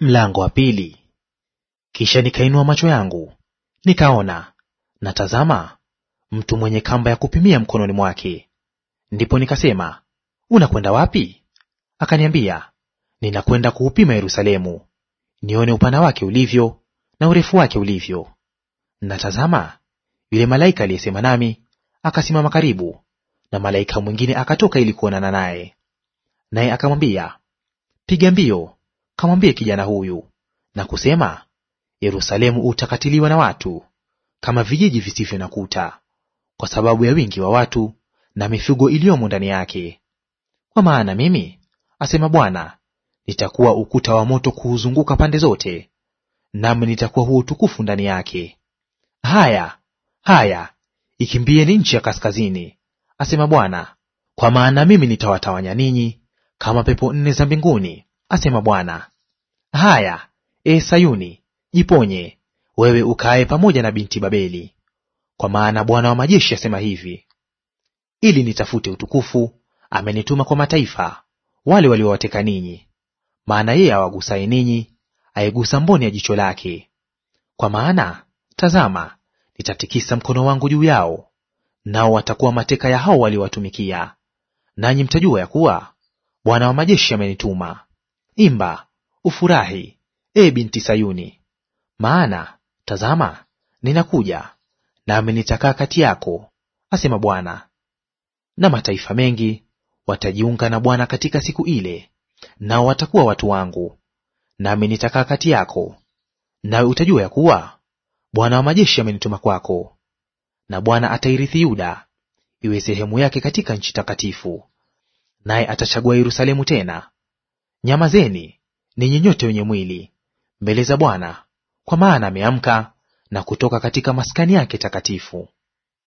Mlango wa pili. Kisha nikainua macho yangu nikaona, na tazama, mtu mwenye kamba ya kupimia mkononi mwake. Ndipo nikasema, unakwenda wapi? Akaniambia, ninakwenda kuupima Yerusalemu, nione upana wake ulivyo na urefu wake ulivyo. Na tazama, yule malaika aliyesema nami akasimama karibu, na malaika mwingine akatoka ili kuonana naye, naye akamwambia, piga mbio kamwambie kijana huyu na kusema, Yerusalemu utakatiliwa na watu kama vijiji visivyo na kuta, kwa sababu ya wingi wa watu na mifugo iliyomo ndani yake. Kwa maana mimi, asema Bwana, nitakuwa ukuta wa moto kuuzunguka pande zote, nami nitakuwa huo utukufu ndani yake. Haya, haya, ni nchi ya kaskazini, asema Bwana, kwa maana mimi nitawatawanya ninyi kama pepo nne za mbinguni asema Bwana. Haya, e Sayuni, jiponye, wewe ukae pamoja na binti Babeli, kwa maana Bwana wa majeshi asema hivi, ili nitafute utukufu amenituma kwa mataifa, wale waliowateka ninyi. Maana yeye awagusaye ninyi aigusa mboni ya jicho lake. Kwa maana tazama, nitatikisa mkono wangu juu yao, nao watakuwa mateka ya hao waliowatumikia, nanyi mtajua ya kuwa Bwana wa majeshi amenituma. Imba ufurahi, e binti Sayuni, maana tazama, ninakuja nami nitakaa kati yako, asema Bwana. Na mataifa mengi watajiunga na Bwana katika siku ile, nao watakuwa watu wangu, nami nitakaa kati yako, nawe utajua ya kuwa Bwana wa majeshi amenituma kwako. Na Bwana atairithi Yuda iwe sehemu yake katika nchi takatifu, naye atachagua Yerusalemu tena Nyamazeni ninyi nyote wenye mwili mbele za Bwana, kwa maana ameamka na kutoka katika maskani yake takatifu.